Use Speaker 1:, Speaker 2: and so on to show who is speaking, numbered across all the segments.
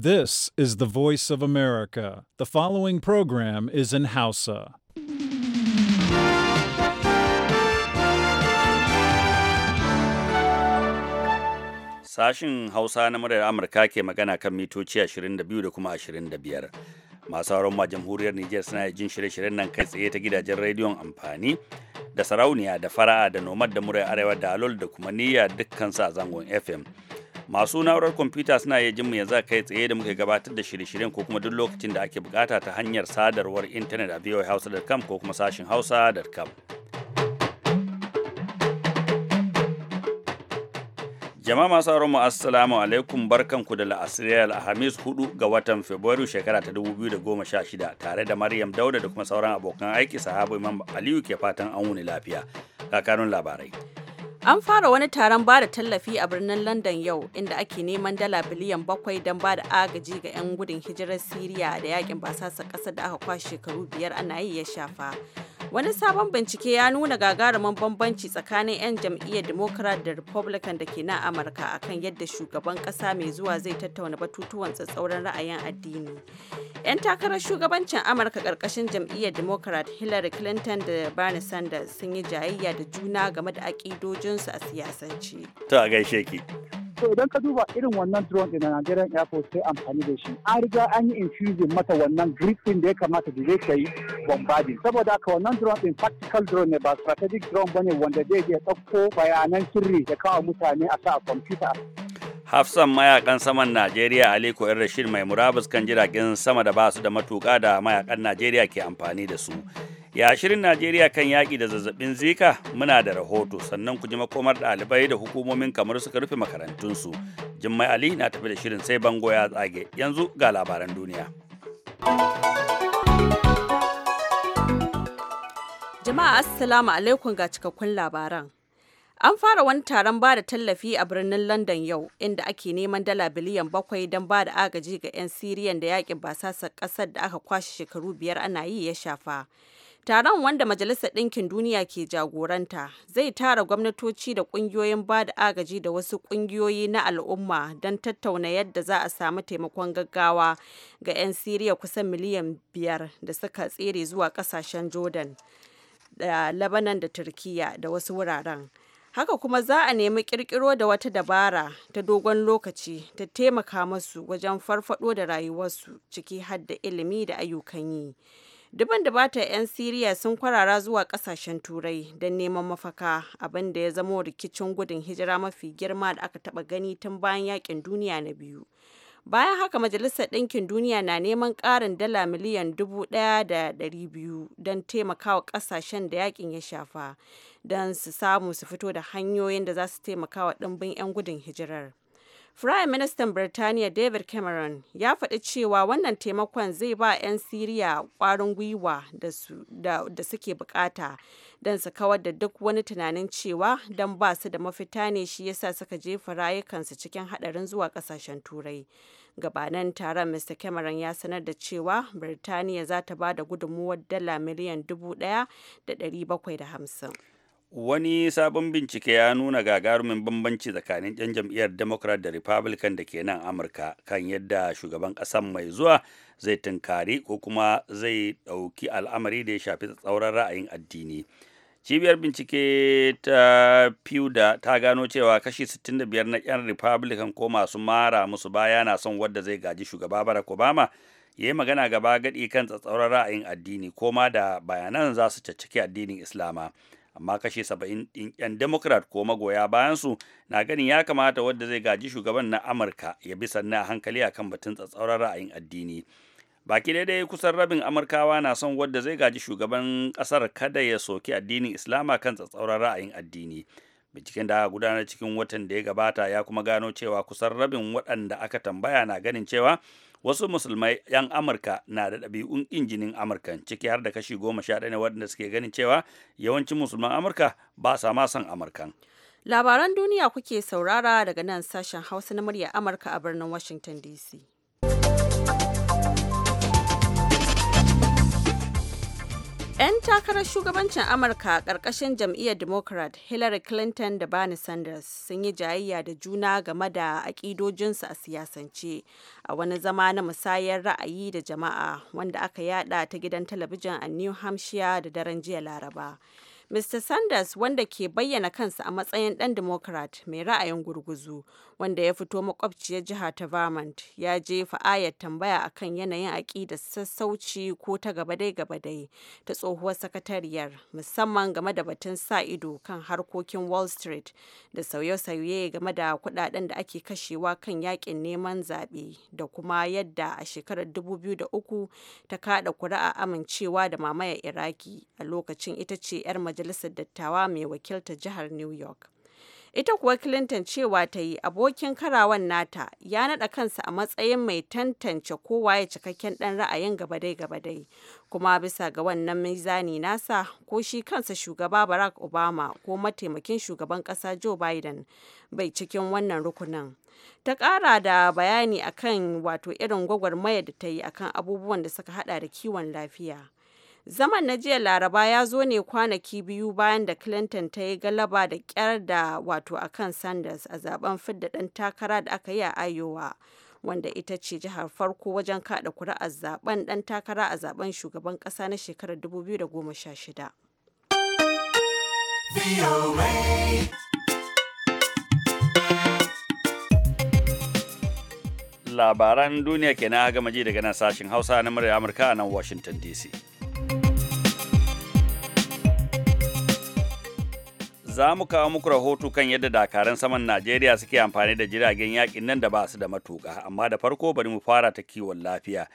Speaker 1: This is the voice of America. The following program is in Hausa.
Speaker 2: Sashin Hausa na muryar Amurka ke magana kan mitoci 22 da kuma 25. Masu sauran ma jamhuriyar Nijar suna jin shirye-shiryen nan kai tsaye ta gidajen rediyon amfani da sarauniya da fara'a da nomad da muryar arewa da alol da kuma niyya dukkan sa zangon FM. masu na'urar kwamfuta suna iya jin mu yanzu kai tsaye da muka gabatar da shirye-shiryen ko kuma duk lokacin da ake bukata ta hanyar sadarwar intanet a kam ko kuma sashin hausa.com jama'a masu auren mu assalamu alaikum barkanku da la'asiriyar alhamis 4 ga watan fabrairu shekara ta 2016 tare da maryam dauda da kuma sauran abokan aiki sahabu imam aliyu ke fatan an wuni lafiya kakanun labarai
Speaker 3: An fara wani taron ba da tallafi a birnin London yau inda ake neman dala biliyan bakwai don ba da agaji ga 'yan gudun hijirar Siriya da yakin basasar ƙasar da aka kwashe shekaru biyar ana yi ya shafa. Wani sabon bincike ya nuna gagarumin bambanci tsakanin 'yan jam'iyyar Democrat da Republican da ke na Amurka akan yadda shugaban kasa mai zuwa zai tattauna batutuwan tsatsauran ra'ayin addini. 'Yan takarar shugabancin Amurka karkashin jam'iyyar Democrat Hillary Clinton da Bernie Sanders sun yi jayayya da juna game da aƙidojinsu a siyasance.
Speaker 2: Ta gaishe ki.
Speaker 4: So idan ka duba irin wannan drone din na Nigerian Air Force sai amfani da shi. An riga an yi infusing mata wannan grip din da ya kamata da zai kai bombarding. Saboda haka wannan drone din tactical drone ne ba strategic drone bane wanda zai je ɗauko bayanan sirri da kawo mutane a sa a kwamfuta
Speaker 2: hafsan mayakan saman najeriya aliko yan rashid mai murabus kan jiragen sama da basu da matuka da mayakan najeriya ke amfani da su ya shirin najeriya kan yaƙi da zazzabin zika muna da rahoto sannan ku ji makomar ɗalibai da hukumomin kamar suka rufe makarantunsu jimmai ali na tafi da shirin sai bango ya tsage yanzu ga labaran duniya
Speaker 3: jama'a assalamu alaikum ga cikakkun labaran An fara wani taron ba da tallafi a birnin London yau, inda ake neman dala biliyan bakwai don ba da agaji ga 'yan Siriyan da yakin basasar ƙasar da aka kwashe shekaru biyar ana yi ya shafa. Taron wanda Majalisar Ɗinkin Duniya ke jagoranta zai tara gwamnatoci da ƙungiyoyin ba da agaji da wasu ƙungiyoyi na al'umma don tattauna yadda za a samu taimakon gaggawa ga 'yan Siriya kusan miliyan biyar da suka tsere zuwa ƙasashen Jordan da Lebanon da turkiyya da wasu wuraren. Haka kuma za a nemi ƙirƙiro da wata dabara ta dogon lokaci ta taimaka masu wajen farfaɗo da rayuwarsu ciki har ilimi da ayyukan yi. Duban da bata 'yan Siriya sun kwarara zuwa kasashen Turai don neman mafaka abinda ya zamo rikicin gudun hijira mafi girma da aka taba gani tun bayan yakin duniya na biyu. Bayan haka Majalisar Ɗinkin Duniya na neman ƙarin dala miliyan dubu ɗaya da ɗari biyu don taimakawa ƙasashen da yakin ya shafa don su samu su fito da hanyoyin da za su taimakawa ɗimbin 'yan gudun hijirar. Firayim Ministan Birtaniya David Cameron ya faɗi cewa wannan taimakon zai ba 'yan Siriya ƙwarin gwiwa da suke bukata don su kawar da duk wani tunanin cewa don ba su da mafita ne shi yasa suka jefa rayukansu cikin haɗarin zuwa ƙasashen Turai. Gabanin taron Mr. Cameron ya sanar da cewa Birtaniya za ta ba da gudunmuwar dala miliyan dubu ɗaya da ɗari bakwai da hamsin.
Speaker 2: wani sabon bincike ya nuna gagarumin bambanci tsakanin 'yan jam'iyyar democrat da republican da ke nan amurka kan yadda shugaban ƙasan mai zuwa zai tunkari ko kuma zai ɗauki al'amari da ya shafi tsauran ra'ayin addini cibiyar bincike ta pew ta gano cewa kashi 65 na 'yan republican ko masu mara musu baya na son wadda zai gaji shugaba barack obama ya yi magana gaba gadi kan tsatsauran ra'ayin addini ko ma da bayanan za su caccaki addinin islama amma kashe saba'in ɗin 'yan democrat ko magoya bayansu na ganin ya kamata wadda zai gaji shugaban na amurka ya bi sannan a hankali akan batun tsatsauran ra'ayin addini baki daidai kusan rabin amurkawa na son wadda zai gaji shugaban ƙasar kada ya soki addinin islama kan tsatsauran ra'ayin addini binciken da aka gudanar cikin watan da ya gabata ya kuma gano cewa kusan rabin waɗanda aka tambaya na ganin cewa wasu musulmai 'yan amurka na da ɗabi'un injinin amurka ciki har da kashi goma sha ɗaya waɗanda suke ganin cewa yawancin musulman amurka ba sa ma son amurkan
Speaker 3: labaran duniya kuke saurara daga nan sashen hausa na murya amurka a birnin washington dc 'Yan takarar shugabancin Amurka ƙarƙashin jam'iyyar Democrat Hillary Clinton da Bernie Sanders sun yi jayayya da juna game da aƙidojinsu a siyasance a wani zama na musayar ra'ayi da jama'a wanda aka yada ta gidan talabijin a New Hampshire da daren jiya Laraba. Mr. Sanders wanda ke bayyana kansa a matsayin ɗan Democrat mai ra'ayin gurguzu wanda ya fito makwabciyar jiha ta Vermont ya jefa ayar tambaya akan yanayin aƙidar sassauci ko ta gaba dai-gaba dai ta tsohuwar sakatariyar musamman game da batun sa ido kan harkokin Wall Street da sauye-sauye game da kuɗaɗen da ake kashewa kan yakin neman zaɓe da kuma yadda a shekarar 2003 ta kada kuri'a amincewa da mamayar Iraki a lokacin ita ce 'yar majalisar dattawa mai wakiltar jihar New York. Ita kuwa Clinton cewa ta yi abokin karawan nata ya nada kansa a matsayin mai tantance kowa ya cikakken dan ra'ayin gabadai-gabadai. Kuma bisa ga wannan mizani nasa ko shi kansa shugaba Barack Obama ko mataimakin shugaban kasa Joe Biden bai cikin wannan rukunin. Ta kara da bayani akan wato irin gwagwarmaya da ta yi akan abubuwan da suka hada da kiwon lafiya. Zaman na jiya Laraba ya zo ne kwanaki biyu bayan da Clinton ta yi galaba da kyar da wato a kan Sanders a zaben fidda ɗan takara da aka yi a Iowa, wanda ita ce jihar farko wajen kada kuri'ar zaben ɗan takara a zaben shugaban ƙasa na shekarar 2016.
Speaker 2: Labaran duniya ke na gama ji daga nan sashen Hausa na murya Amurka a nan Washington DC. za mu kawo muku rahoto kan yadda dakaran saman Najeriya suke amfani da jiragen yakin nan da ba su da matuƙa, amma da farko bari mu fara ta kiwon lafiya.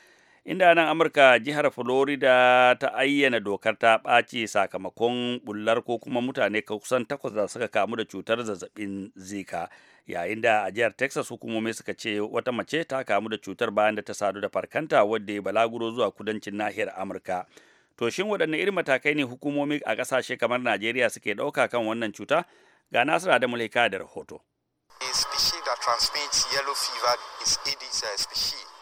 Speaker 2: Inda nan Amurka jihar Florida ta ayyana dokar ta ɓaci sakamakon bullar ko kuma mutane kusan takwas da suka kamu da cutar zazzabin zika. Yayin da a jihar Texas hukumomi suka ce wata mace ta kamu da cutar bayan da ta sadu da farkanta wadda ya balaguro zuwa kudancin nahiyar Amurka. to shin waɗanne irin matakai ne hukumomi a ƙasashe kamar najeriya suke ɗauka kan wannan cuta ga nasir adamu da rahoto.
Speaker 5: A species that transmits yellow fever is Aedes aegypti.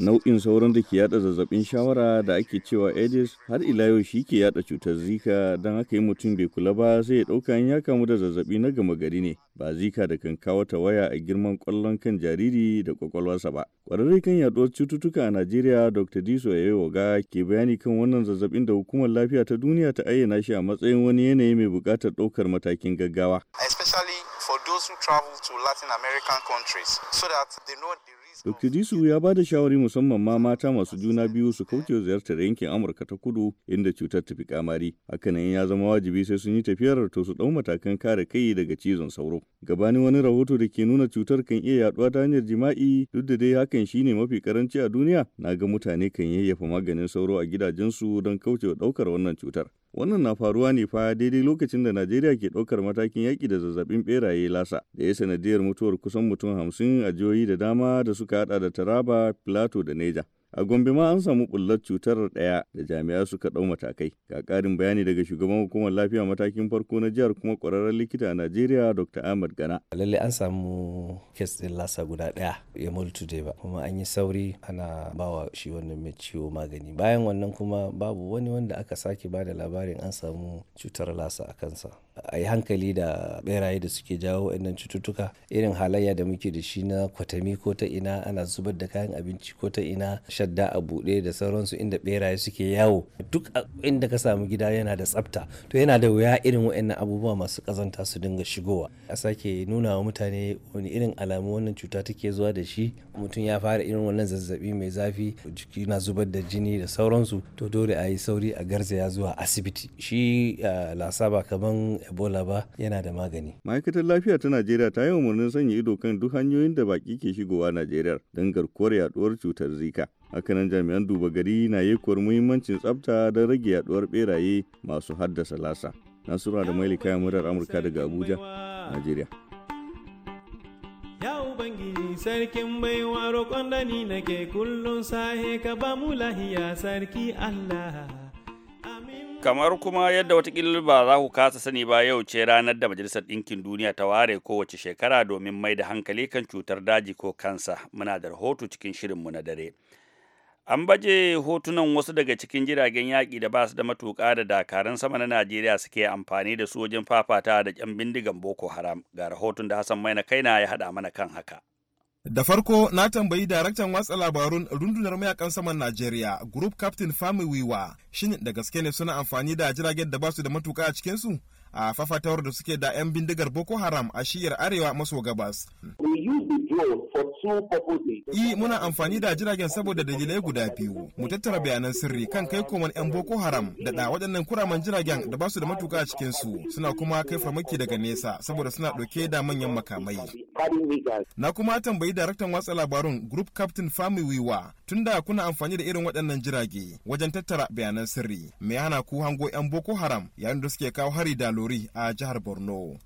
Speaker 6: nau'in sauran da ke yada zazzabin shawara da ake cewa aedes har ila yau shi ke yada cutar zika don haka yi mutum bai kula ba sai ya dauka in ya kamu da zazzabi na gama gari ne ba zika da kan kawo ta waya a girman kwallon kan jariri da kwakwalwarsa ba kwararre kan yaduwar cututtuka a najeriya dr diso waga ke bayani kan wannan zazzabin da hukumar lafiya ta duniya ta ayyana shi a matsayin wani yanayi mai bukatar daukar matakin gaggawa
Speaker 5: especially for those who travel to latin american countries so that they know the
Speaker 6: Dr. Disu ya ba da shawari musamman ma mata masu juna biyu su kauce ziyartar yankin Amurka ta kudu inda cutar ta fi kamari. Hakanan ya zama wajibi sai sun yi tafiyar to su ɗau matakan kare kai daga cizon sauro. Gabanin wani rahoto da ke nuna cutar kan iya yaduwa ta hanyar jima'i duk da dai hakan shine mafi karanci a duniya na ga mutane kan yayyafa maganin sauro a gidajensu don wa ɗaukar wannan cutar. Wannan na faruwa ne fa daidai lokacin da Najeriya ke ɗaukar matakin yaƙi da zazzabin ɓeraye lasa da ya sanadiyar mutuwar kusan mutum hamsin a jihohi da dama da suka haɗa da Taraba, Plateau da Neja. A Gombe ma an samu bullar cutar ɗaya da jami'a suka ɗau matakai. Ga ƙarin bayani daga shugaban hukumar lafiya matakin farko na jihar kuma kwararren likita a Najeriya Dr. Ahmad Gana. Lalle an samu
Speaker 7: kes ɗin lasa guda ɗaya ya multu dai ba kuma an yi sauri ana bawa shi wannan mai ciwo magani. Bayan wannan kuma babu wani wanda aka sake ba da labarin an samu cutar lasa a kansa. a yi hankali da beraye da suke jawo wannan cututtuka irin halayya da muke da shi na kwatami ko ta ina ana zubar da kayan abinci ko ta ina shadda a buɗe da sauransu inda beraye suke yawo duk inda ka samu gida yana da tsafta to yana da wuya irin wa'annan abubuwa masu kazanta su dinga shigowa a sake nuna wa mutane wani irin alamu wannan cuta take zuwa da shi mutum ya fara irin wannan zazzabi mai zafi jiki na zubar da jini da sauransu to dole a yi sauri a garzaya zuwa asibiti shi eh, lasa ba kaman Ebola ba yana da magani.
Speaker 6: Ma'aikatar lafiya ta Najeriya ta yi umarnin sanya ido kan duk hanyoyin da baki ke shigowa Najeriya don garkuwar yaduwar cutar Zika. Hakanan jami'an duba gari na yekuwar muhimmancin tsabta da rage yaduwar beraye masu haddasa lasa. Nasura da Maili kayan murar Amurka daga Abuja, Najeriya.
Speaker 5: Ya Ubangiji sarkin baiwa roƙon da ni nake kullum sahe ka ba mu lahiya sarki Allah.
Speaker 2: kamar kuma yadda watakila ba za ku kasa sani ba yau ce ranar da majalisar ɗinkin duniya ta ware kowace shekara domin mai da hankali kan cutar daji ko kansa muna da rahoto cikin shirinmu na dare an baje hotunan wasu daga cikin jiragen yaƙi da ba su da matuƙa da dakarun sama na najeriya suke amfani da su wajen fafata da ƙyan bindigan boko haram ga rahoton da hassan maina kaina ya haɗa mana kan haka
Speaker 5: Da farko na tambayi daraktan watsa labarun rundunar mayakan saman Najeriya, Group Captain Fami Wiwa, shin da gaske ne suna amfani da jiragen da basu da matuka a cikinsu? a fafatawar da suke da 'yan bindigar Boko Haram a shiyar arewa maso gabas. I e, muna amfani da jiragen saboda dalilai guda biyu. Mu tattara bayanan sirri kan kai koman 'yan Boko Haram da da waɗannan kuraman jiragen da ba su da matuka a cikin su suna kuma kai farmaki daga nesa saboda suna ɗauke da manyan makamai. Na kuma tambayi daraktan watsa labarun Group Captain Fami Wiwa tunda kuna amfani da irin waɗannan jirage wajen tattara bayanan sirri. Me hana ku hango 'yan Boko Haram yayin da suke kawo hari da lori. Maiduguri a jihar Borno.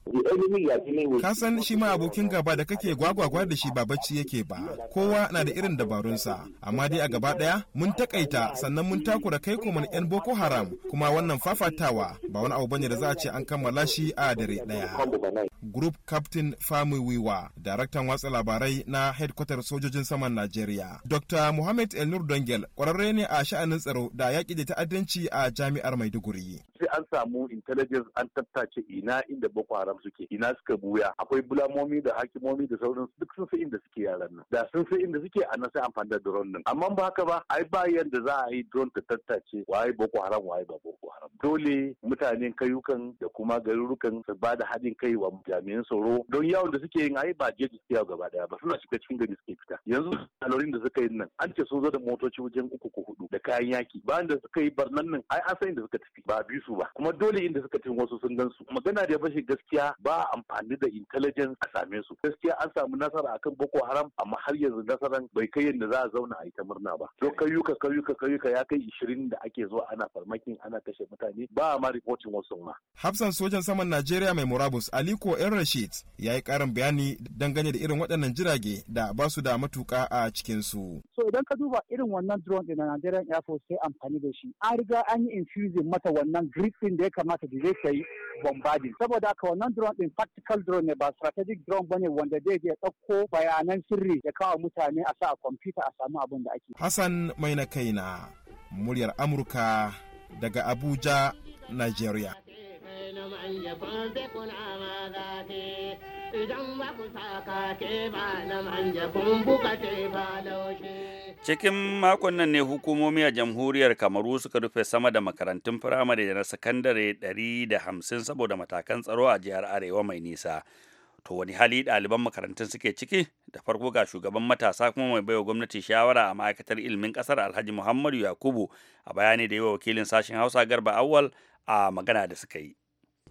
Speaker 5: Ka san shi ma abokin gaba da kake gwagwagwa da shi ba bacci yake ba, kowa na da irin dabarunsa, amma dai a gaba ɗaya mun takaita sannan mun takura kai kuma 'yan Boko Haram kuma wannan fafatawa ba wani abu bane da za a ce an kammala shi a dare ɗaya. Group Captain Famu Wiwa, daraktan watsa labarai na headquarter sojojin saman Najeriya. Dr. Muhammad El Nur Dongel, ƙwararre ne a sha'anin tsaro da yaƙi da ta'addanci a jami'ar Maiduguri.
Speaker 4: sai an samu intelligence an tattace ina inda boko haram suke ina suka buya akwai bulamomi da hakimomi da sauran duk sun san inda suke yaran nan da sun san inda suke a nan sai amfani da drone din amma ba haka ba ai ba yanda za a yi drone ta tattace waye boko haram waye ba boko haram dole mutanen kayukan da kuma garurukan su ba da haɗin kai wa jami'an tsaro don yawon da suke yin ai ba jeji su yawo gaba daya ba suna shiga cikin gari suke fita yanzu alorin da suka yi nan an ce sun zo da motoci wajen uku ko hudu da kayan yaki bayan da suka yi barnan nan ai an san suka tafi ba bisu su ba kuma dole inda suka cin wasu sun gansu magana da ya fashe gaskiya ba amfani da intelligence a same su gaskiya an samu nasara akan boko haram amma har yanzu nasaran bai kai yadda za a zauna a yi murna ba to kayuka kayuka kayuka ya kai ishirin da ake zuwa ana farmakin ana kashe mutane ba a ma reporting wasu ma
Speaker 5: hafsan sojan saman najeriya mai murabus aliko yan rashid ya yi karin bayani dangane da irin waɗannan jirage da ba su da matuka a cikin so
Speaker 2: idan ka duba irin wannan drone din na Nigerian Air Force sai amfani da shi an riga an yi infusing mata wannan grip da ya kamata da zai kai bombarding saboda haka wannan drone din tactical drone ne ba strategic drone bane wanda zai je ɗauko bayanan sirri ya kawo mutane a sa a kwamfuta a samu abin da ake
Speaker 5: Hassan mai na kaina muryar Amurka daga Abuja
Speaker 1: Nigeria
Speaker 2: Cikin makon nan ne hukumomi a jamhuriyar Kamaru suka rufe sama da makarantun firamare da na sakandare 150 saboda matakan tsaro a jihar Arewa mai nisa. to wani hali ɗaliban makarantun suke ciki da farko ga shugaban matasa kuma mai baiwa gwamnati shawara a ma'aikatar ilimin ƙasar alhaji muhammadu yakubu a bayani da yi wa wakilin sashen hausa garba awwal a magana da suka yi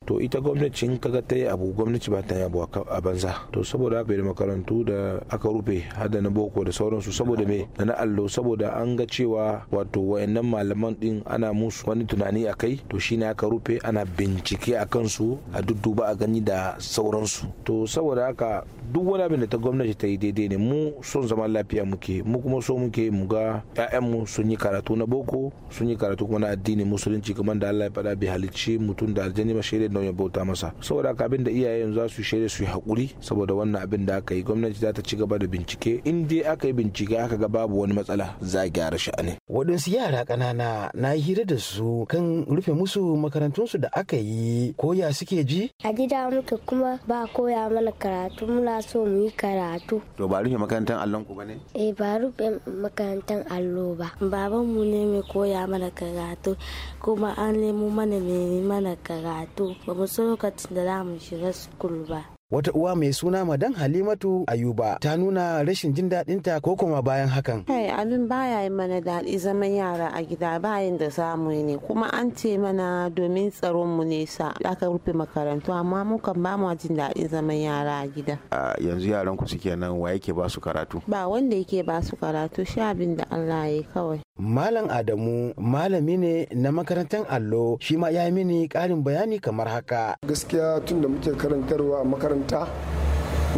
Speaker 5: to ita gwamnati in kaga ta yi abu gwamnati ba ta yi abu a banza to saboda haka da makarantu da aka rufe hada na boko da sauransu saboda me da na allo saboda an ga cewa wato wayannan malaman din ana musu wani tunani a kai to shine aka rufe ana bincike a kansu a dudduba a gani da sauransu to saboda haka duk wani abin da ta gwamnati ta yi daidai ne mu son zama lafiya muke mu kuma so muke mu ga mu sun yi karatu na boko sun yi karatu kuma na addini musulunci kamar da Allah ya faɗa bi halicci mutum da aljani ma shaidar don ya bauta masa saboda haka abin da iyaye za su shaida su yi hakuri saboda wannan abin da aka yi gwamnati za ta ci gaba da bincike in dai aka yi bincike aka ga babu wani matsala za a gyara sha'anin.
Speaker 7: waɗansu yara ƙanana na hira da su kan rufe musu makarantunsu da aka yi koya suke ji. a gida muke kuma ba koya mana
Speaker 3: karatu muna so mu yi karatu
Speaker 7: to ba rufe makarantar allon ku bane
Speaker 3: eh ba rufe makarantar allo ba baban mu ne mai koya mana karatu kuma an nemo mana mai mana karatu ba mu so lokacin da za mu shiga sukul ba
Speaker 7: wata uwa mai suna madan halimatu ayuba ta nuna rashin jin daɗinta ko kuma bayan hakan
Speaker 1: kai abin baya yi mana daɗi zaman yara a gida bayan da samu ne kuma an ce mana domin tsaron mu nesa aka rufe makarantu amma mukan ba mu jin daɗin zaman yara a gida
Speaker 7: yanzu yaran ku suke nan wa yake ba su karatu
Speaker 1: ba wanda yake ba su karatu sha
Speaker 3: abin da Allah ya kawai
Speaker 7: Malam Adamu malami ne na makarantar allo
Speaker 5: shi ma ya mini ƙarin bayani kamar haka. Gaskiya tun da muke karantarwa a makaranta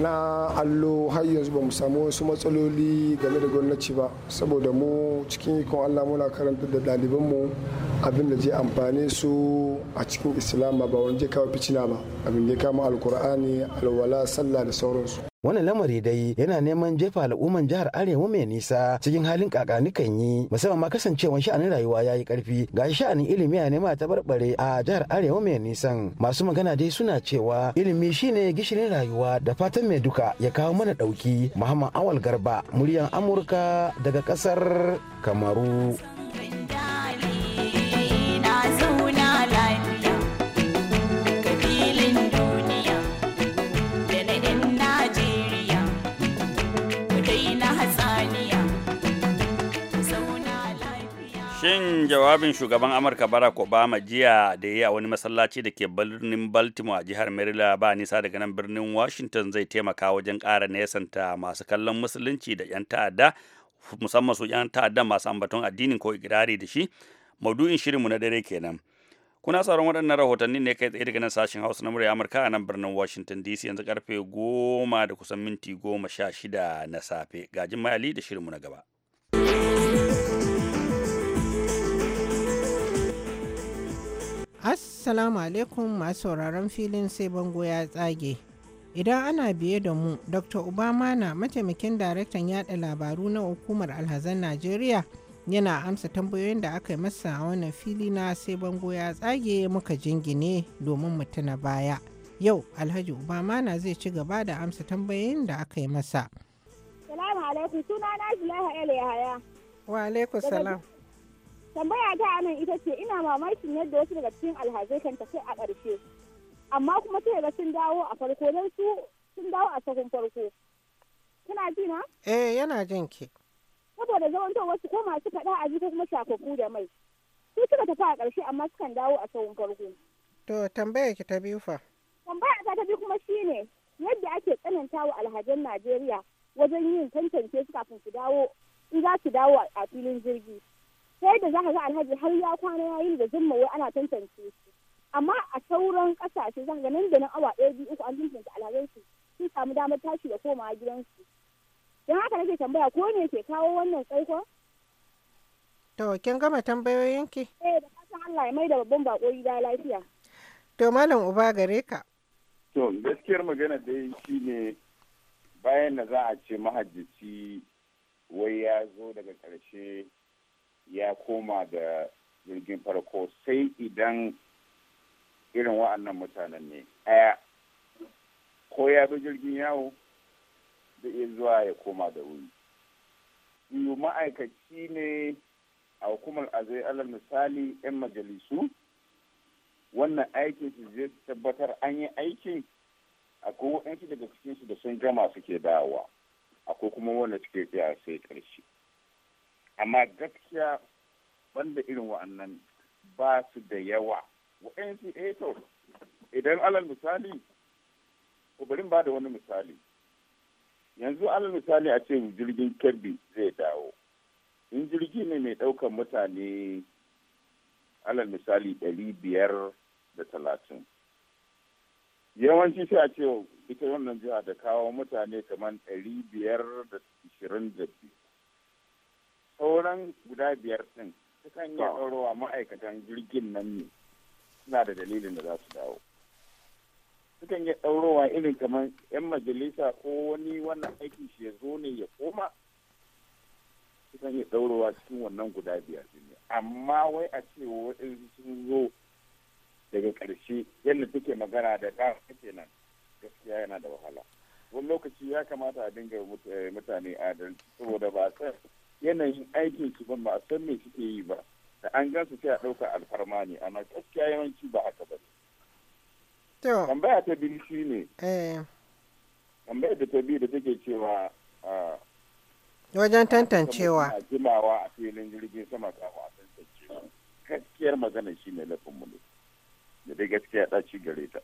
Speaker 5: na allo har yanzu ba mu samu wasu matsaloli game da gwamnati ba saboda mu cikin ikon Allah muna karanta da mu abin da je amfane su a cikin islam ba wani je kawo ficina ba abin da ya kama alkur'ani alwala sallah da sauransu
Speaker 7: Wannan lamari dai yana neman jefa al'umman jihar Arewa mai nisa cikin halin kakanikan yi musamman ma kasancewan sha'anin rayuwa ya yi karfi ga sha'anin ilimi a nema ta barbare a jihar Arewa mai nisan masu magana dai suna cewa ilimi shine gishirin rayuwa da fatan mai duka ya kawo mana dauki Muhammad Awal Garba muryan Amurka daga
Speaker 5: kasar Kamaru.
Speaker 2: Shin jawabin shugaban Amurka Barack Obama jiya da ya wani masallaci da ke birnin Baltimore a jihar Maryland ba nisa daga nan birnin Washington zai taimaka wajen ƙara nesanta masu kallon musulunci da 'yan ta'adda musamman su 'yan ta'adda masu ambaton addinin ko ikirari da shi maudu'in shirinmu na dare kenan. Kuna sauran waɗannan rahotanni ne kai tsaye daga nan sashen Hausa na murya Amurka a nan birnin Washington DC yanzu karfe goma da kusan minti goma sha shida na safe. Gajin Mayali da shirinmu na gaba.
Speaker 1: Assalamu alaikum masu sauraron filin sai bango ya tsage. Idan ana biye da mu, Dr. Obama na mataimakin daraktan yada labaru na hukumar alhazan Najeriya yana amsa tambayoyin da aka yi masa a wannan fili na sai bango ya tsage muka jingine domin mu tuna baya. Yau Alhaji Obama na zai ci gaba da amsa tambayoyin da aka yi masa. Salamu alaikum sunana Zulaiha Wa alaikum salam. tambaya ta anan ita ce ina mamakin yadda wasu
Speaker 4: daga cikin alhazai kan tafi a ƙarshe amma kuma sai ga sun dawo a farko don su sun dawo a sahun farko kuna ji na
Speaker 1: eh yana jin ki
Speaker 4: saboda zamantar wasu ko masu faɗa a ko kuma shakaku da mai su suka tafi a ƙarshe amma su kan dawo a sahun farko
Speaker 1: to tambaya ki ta biyu fa
Speaker 4: tambaya ta ta biyu kuma shine yadda ake tsananta wa Najeriya wajen yin tantance su kafin su dawo in za su dawo a filin jirgi sai da za ka ga alhaji har ya kwana ya yi da zumma wai ana tantance shi amma a sauran kasashe zan ganin da nan awa ɗaya biyu uku an tantance alhazan su sun samu damar tashi da komawa gidansu don haka nake tambaya ko ne ke kawo wannan
Speaker 1: tsaiko. To, kin gama tambayoyin ki. Eh, da fatan Allah ya mai da babban bako gida lafiya. To, Malam Uba gare ka.
Speaker 8: To, gaskiyar magana dai shi ne bayan da za a ce mahajjaci wai ya zo daga karshe. ya koma da jirgin farko sai idan irin wa'annan mutanen ne ɗaya ko ya bi jirgin yawo zai iya zuwa ya koma da wuri biyu ma'aikaci ne a hukumar azai alal misali 'yan majalisu wannan aikin su zai tabbatar an yi aikin akwai waɗansu daga cikinsu da sun gama suke dawowa akwai kuma wanda suke tsaya sai ƙarshe amma gaskiya banda irin wa'annan ba su da yawa wa'yansu eh to idan alal misali ko bari ba da wani misali yanzu alal misali a ce jirgin kirby zai dawo in jirgi ne mai ɗaukar mutane alal misali ɗari biyar da talatin yawanci sai a ce ita wannan jiha da kawo mutane kamar ɗari biyar da da biyu sauran guda biyar ɗin sukan iya ɗaurowa ma'aikatan jirgin nan ne suna da dalilin da za su dawo sukan iya ɗaurowa irin kamar 'yan majalisa ko wani wannan aikin shi ya zo ne ya koma sukan iya ɗaurowa cikin wannan guda biyar ne amma wai a ce waɗansu sun zo daga ƙarshe yadda take magana da ɗan nan gaskiya yana da wahala wani lokaci ya kamata a dinga eh, mutane adalci saboda ba sai yanayin aikin su ba a san me suke yi ba da an su sai a ɗauka alfarma ne amma gaskiya yawanci ba haka ba tambaya ta biyu shi ne eh. tambayar da ta biyu da take cewa ah,
Speaker 1: wajen tantancewa
Speaker 8: jimawa a filin jirgin sama kafin a tantancewa gaskiyar magana shi ne lafin mu ne da dai gaskiya ci gare ta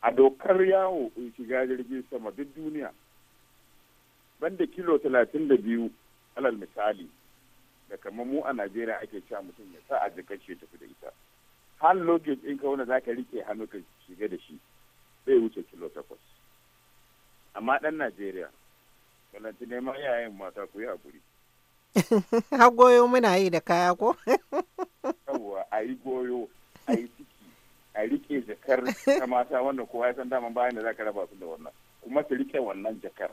Speaker 8: a dokar yawo in shiga jirgin sama duk duniya banda kilo talatin da biyu alal misali da kamar mu a najeriya ake cewa mutum ya sa a jakar shi ya tafi da ita hal luggage in ka wanda za ka rike hannu ka shiga da shi zai wuce kilo takwas amma dan najeriya balanci neman yayan mata ku yi haƙuri
Speaker 1: ha goyo muna yi da kaya ko
Speaker 8: yawwa a yi goyo a yi ciki a rike jakar ta mata wanda kowa ya san daman bayan da za ka raba su da wannan kuma su rike wannan jakar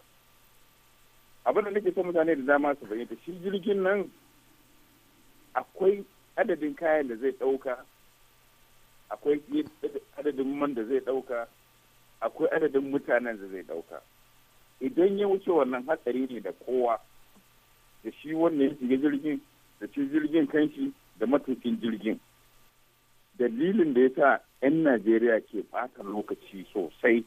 Speaker 8: abin da nake so mutane da dama su fahimta shi
Speaker 4: jirgin nan
Speaker 8: akwai adadin kayan da zai ɗauka akwai adadin man da zai ɗauka akwai adadin mutanen da zai ɗauka idan ya wuce wannan hatsari ne da kowa da shi wannan ya shiga jirgin da shi jirgin kanshi da matukin jirgin dalilin da ya sa 'yan najeriya ke ɓata lokaci sosai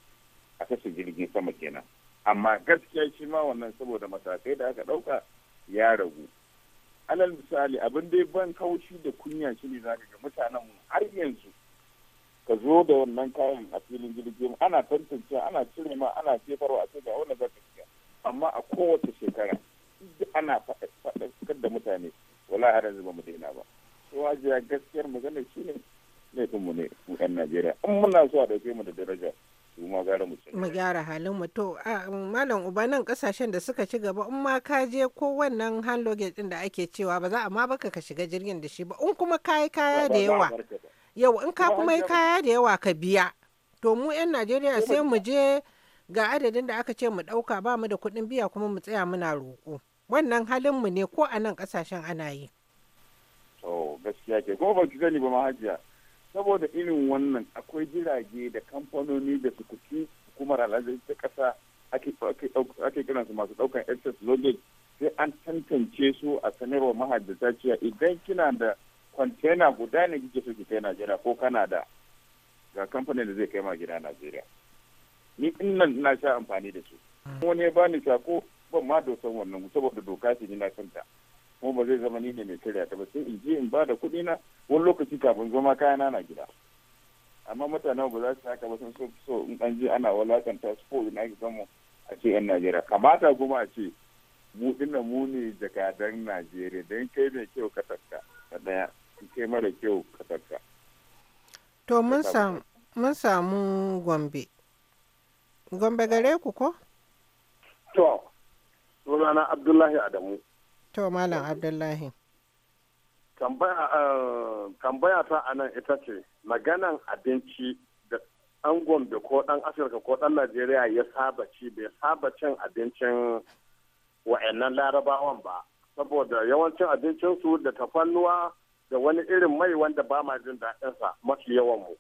Speaker 8: a kashe jirgin sama kenan amma gaskiya shi ma wannan saboda matakai da aka ɗauka ya ragu alal misali abin dai ban kaushi da kunya shi ne zaka ga mutanen har yanzu ka zo da wannan kayan a filin jirgin ana tantance ana cire ma ana jefarwa a ce ga wani zaka amma a kowace shekara ana faɗaɗar da mutane wala har yanzu ba mu daina ba to ajiya gaskiyar magana shi ne laifinmu ne 'yan najeriya in muna so a ɗauke mu da daraja ma gara mu
Speaker 1: mu gyara halin mu to malam uba nan kasashen da suka ci gaba in ma ka je ko wannan hand luggage din da ake cewa ba za a ma baka ka shiga jirgin da shi ba in kuma kayi kaya da yawa yau in ka kuma yi kaya da yawa ka biya to mu yan Najeriya sai mu je ga adadin da aka ce mu ɗauka ba mu da kuɗin biya kuma mu tsaya muna roƙo wannan halin mu ne ko a nan kasashen ana yi
Speaker 8: to gaskiya ke ko ba ki gani ba ma saboda irin wannan akwai jirage da kamfanoni da kuci hukumar alhazari ta ƙasa ake su masu ɗaukan excess luggage sai an tantance su a sanarwar mahajjata cewa idan kina da kwantena guda ne kike so kai Najeriya ko Canada ga kamfanin da zai kai ma gida Najeriya. Ni in nan na sha amfani da su. Hmm. Wani ya bani sako ban ma dosan wannan saboda doka ce ni na santa. kuma ba zai zama ni ne mai karya ta ba sai in je in ba da kuɗi na wani lokaci kafin zama kayana na gida amma mutane ba za su haka ba sun so so in an je ana walakanta su ko ina ki mu a ce yan Najeriya kamata kuma a ce mu dinnan mu ne jakadan Najeriya don kai mai kyau ka tarka na daya kai mara kyau ka tarka
Speaker 1: to mun samu mun samu Gombe Gombe gare ku ko
Speaker 4: to sunana Abdullahi Adamu
Speaker 1: To Malam Abdullahi.
Speaker 4: Eh, tambaya ta a nan ita ce, maganan abinci da ɗan da ko ɗan Afirka ko ɗan Najeriya ya saba ci bai saba cin abincin wa'annan larabawan ba. Saboda yawancin abincinsu da tafannuwa da wani irin mai wanda ba ma jin daɗinsa mafi yawan mu.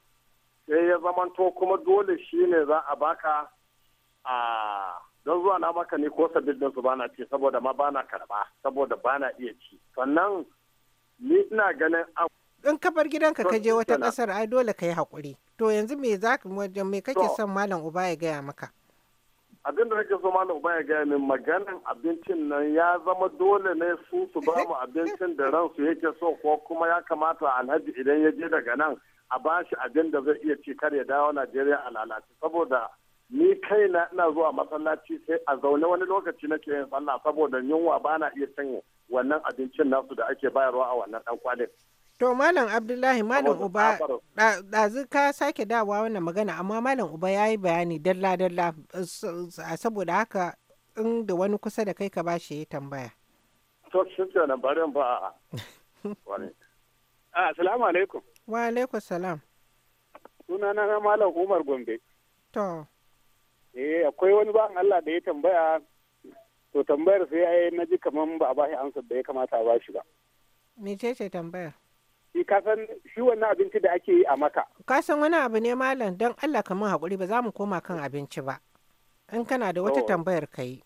Speaker 4: Sai ya zamanto kuma dole shine za a baka a don zuwa na maka ne ko sabbin su bana ci saboda ma bana karba saboda bana iya ci sannan ni ina ganin in ka bar gidanka ka je wata kasar
Speaker 1: ai dole ka yi hakuri to yanzu me za ka wajen me kake son malam uba ya gaya maka
Speaker 4: abin da nake so malam uba ya gaya min maganan abincin nan ya zama dole ne su su ba mu abincin da ransu yake so ko kuma ya kamata alhaji idan ya je daga nan a bashi abin da zai iya ci kar ya dawo Najeriya a lalace saboda ni kaina ina zuwa masallaci sai a zaune wani lokaci nake yin sallah saboda yunwa ba na iya cin wannan abincin nasu da ake bayarwa a wannan dan kwalin.
Speaker 1: To Malam Abdullahi Malam Uba ɗazu ka sake dawa wannan magana amma Malam Uba ya yi bayani dalla dalla saboda haka in da wani kusa da kai ka ba shi ya tambaya.
Speaker 4: To shi kenan bari ba a. Ah, assalamu alaikum.
Speaker 1: Wa alaikum salam.
Speaker 4: Sunana Malam Umar Gombe. To. eh akwai wani ba Allah da ya tambaya to tambayar sai ai na ji kaman ba a bashi amsar da ya kamata a bashi ba
Speaker 1: Me ce tambayar
Speaker 4: shi kasan shi wannan abinci da ake yi
Speaker 1: a maka kasan wani abu ne malam don Allah ka mun haƙuri ba za mu koma kan abinci ba in kana da wata tambayar ka yi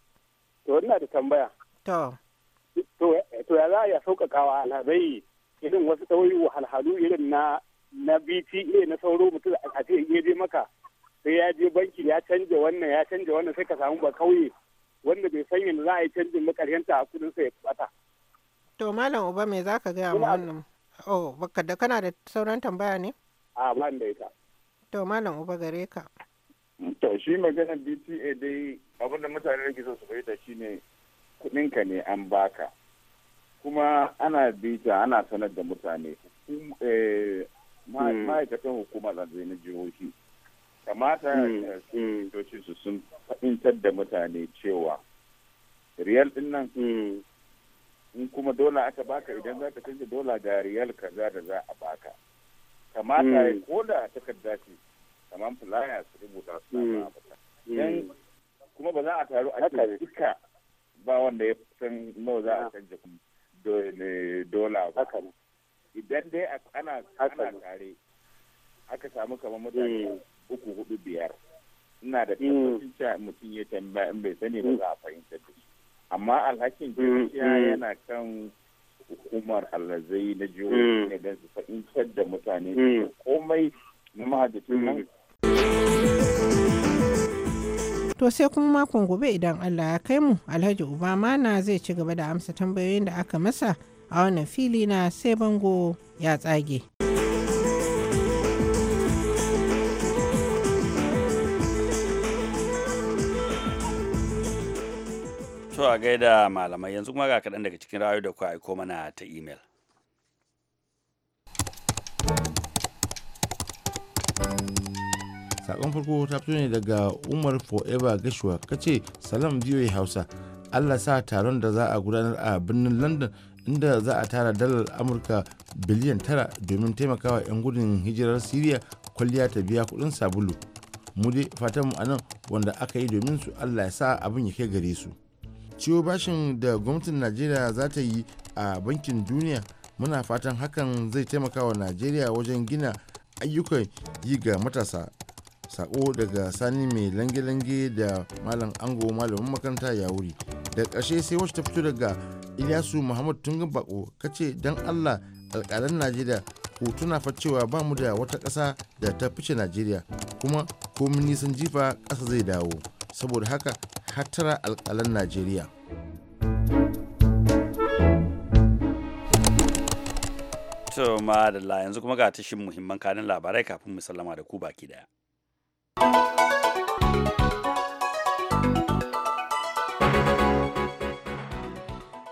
Speaker 4: to ina da tambaya to to ya za a wa alhazai irin wasu tsawoyi wahalhalu irin na na BTA na sauro mutum a ce in je maka sai ya je bankin ya canja wannan ya canja wannan sai ka samu ba kauye wanda bai san yadda za a yi canjin makaryanta a kudin sa ya bata
Speaker 1: to malam uba me zaka ga mu wannan oh baka da kana da sauran tambaya ne
Speaker 8: a ban da ita
Speaker 1: to malam uba gare ka
Speaker 8: to shi magana BTA dai abinda mutane da ke so su fahimta shine ka ne an baka kuma ana bita ana sanar da mutane eh, hmm. ma'aikatan hukuma zanzai na jihohi kamata kiristoci mm, eh, mm. su sun fahimtar da mutane cewa riyal din nan mm. in kuma dola aka baka idan za ka canza dola ga riyal kaza da za a baka kamata ya koda takarda ce kamar filaya su rubuta su na kuma ba za a taru a ce duka ba wanda ya san nawa za a ah. canza dola ba idan dai ana tare aka samu kamar mutane uku hudu biyar ina da tabbacin mm. cewa mutum ya tambaya in bai sani ba za a fahimta da shi amma alhakin mm, mm. gaskiya yana kan hukumar alhazai na jihohi ne don su fahimtar da mutane komai na mahajjacin nan
Speaker 1: To sai kuma makon gobe idan Allah ya kai mu Alhaji Obama na zai ci gaba da amsa tambayoyin da aka masa a wannan fili na sai bango ya tsage.
Speaker 2: so a gaida malamai yanzu kuma ga kaɗan daga cikin ra'ayoyi da ku aiko mana ta email.
Speaker 7: sakon farko ta fito ne daga umar forever gashuwa kace salam voa hausa allah sa taron da za a gudanar a birnin london inda za a tara dalar amurka biliyan tara domin taimakawa 'yan gudun hijirar siriya kwalliya ta biya kudin sabulu mu dai fatan mu anan wanda aka yi domin su allah ya sa abin ya kai gare su ciwo bashin da gwamnatin najeriya za ta yi a bankin duniya muna fatan hakan zai taimaka wa najeriya wajen gina ayyukan yi ga matasa sako daga sani mai lange-lange da malam ango malamin makaranta ya wuri da ƙarshe sai wacce ta fito daga ilyasu muhammad ga bako kace don allah alƙalan najeriya ku tuna fa cewa ba mu da wata ƙasa da ta fice najeriya kuma komin nisan jifa ƙasa zai dawo saboda
Speaker 2: haka katara alkalan najeriya to madalla yanzu kuma ga tashin muhimman kanin labarai kafin mu sallama da ku baki daya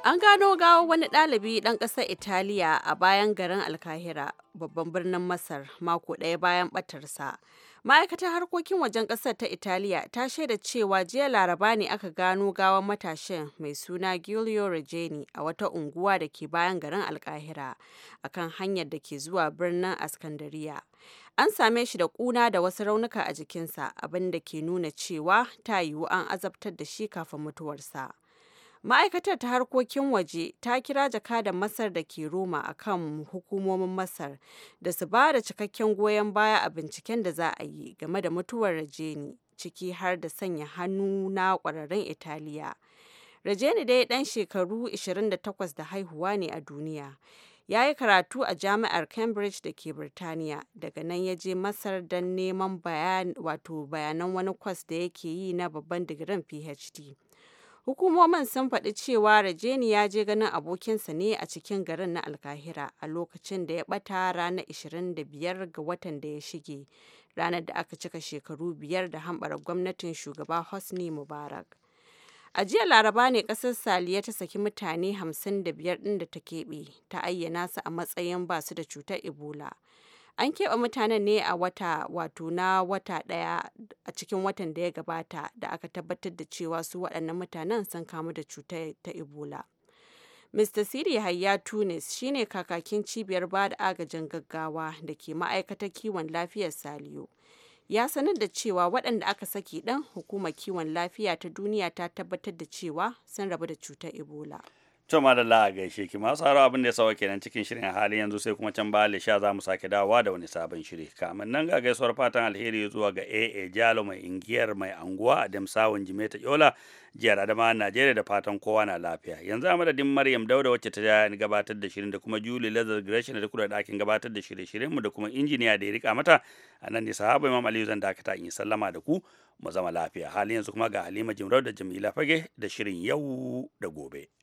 Speaker 3: An gano gawo wani ɗalibi ɗan ƙasar Italiya a bayan garin Alkahira, babban birnin Masar, mako ɗaya bayan ɓatarsa. ma'aikatar harkokin wajen ƙasar ta italiya ta shaida cewa jiya laraba ne aka gano gawan matashin mai suna giulio regeni a wata unguwa da ke bayan garin alkahira akan hanyar da ke zuwa birnin askandariya an same shi da kuna da wasu raunuka a jikinsa abinda ke nuna cewa ta yiwu an azabtar da shi kafin mutuwarsa Ma'aikatar ta harkokin waje ta kira jakadan Masar da ke Roma a kan hukumomin Masar da su ba da cikakken goyon baya a binciken da za a yi game da mutuwar Rajeni ciki har da sanya hannu na kwararren Italiya. Rajeni dai dan shekaru 28 da haihuwa ne a duniya. Ya yi karatu a jami'ar Cambridge da ke Birtaniya, daga nan ya je Masar don neman bayanan wani kwas da yake yi na babban digirin PhD. Hukumomin sun faɗi cewa Rajeni ya je ganin abokinsa ne a cikin garin na Alkahira a lokacin da ya ɓata ranar 25 ga watan da ya shige, ranar da aka cika shekaru biyar da hambar gwamnatin shugaba Hosni Mubarak. A jiya Laraba ne ƙasar Saliya ta saki mutane 55 ɗin da ta keɓe, ta ayyana su a matsayin basu da cutar Ebola. an keɓe mutanen ne a wata wato na wata ɗaya a cikin watan da ya gabata da aka tabbatar da cewa su waɗannan mutanen sun kamu da cuta ta ebola mr siri hayya tunis shine kakakin cibiyar ba da agajin gaggawa da ke ma'aikatar kiwon lafiyar saliyo ya sanar da cewa waɗanda aka saki ɗan hukumar kiwon lafiya ta duniya ta tabbatar da cewa sun rabu da cutar ebola
Speaker 2: to ma da gaishe ki masu haro abin da ya sauke nan cikin shirin a halin yanzu sai kuma can ba sha za mu sake dawowa da wani sabon shiri kamin nan ga gaisuwar fatan alheri zuwa ga aa jalo mai ingiyar mai anguwa a damsawun jimeta kyola jihar adama najeriya da fatan kowa na lafiya yanzu a madadin maryam dauda wacce ta gabatar da shirin da kuma julie lazar gresham da kula dakin gabatar da shirye-shiryen mu da kuma injiniya da ya rika mata a nan ne sahaba imam aliyu zan dakata in yi sallama da ku mu zama lafiya halin yanzu kuma ga halima jimrau da jamila fage da shirin yau da gobe